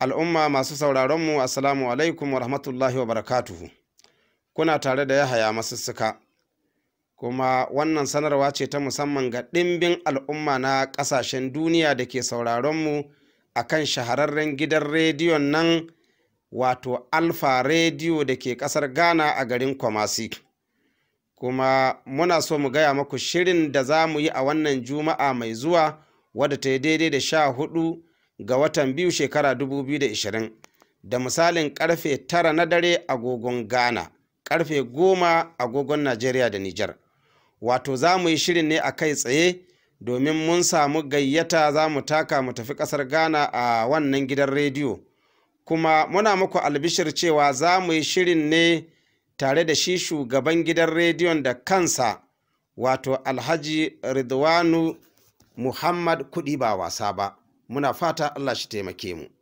al'umma masu sauraronmu assalamu alaikum wa rahmatullahi wa barakatuhu kuna tare da yahaya masussuka kuma wannan sanarwa ce ta musamman ga ɗimbin al'umma na ƙasashen duniya da ke sauraronmu a kan shahararren gidan rediyon nan wato alfa rediyo da ke ƙasar ghana a garin kwamasi kuma muna so mu gaya maku shirin da za mu yi a wannan juma'a mai zuwa wadda ta yi daidai da sha hudu ga watan biyu shekara 2020 da misalin karfe 9 na dare agogon ghana karfe 10 agogon najeriya da nijar wato za mu yi shirin ne a kai tsaye domin mun samu gayyata za mu taka mu tafi kasar ghana a wannan gidan rediyo kuma muna muku albishir cewa za mu yi shirin ne tare da shi shugaban gidan rediyon da kansa wato alhaji ridwanu muhammad kudi ba wasa ba muna fata Allah shi taimake mu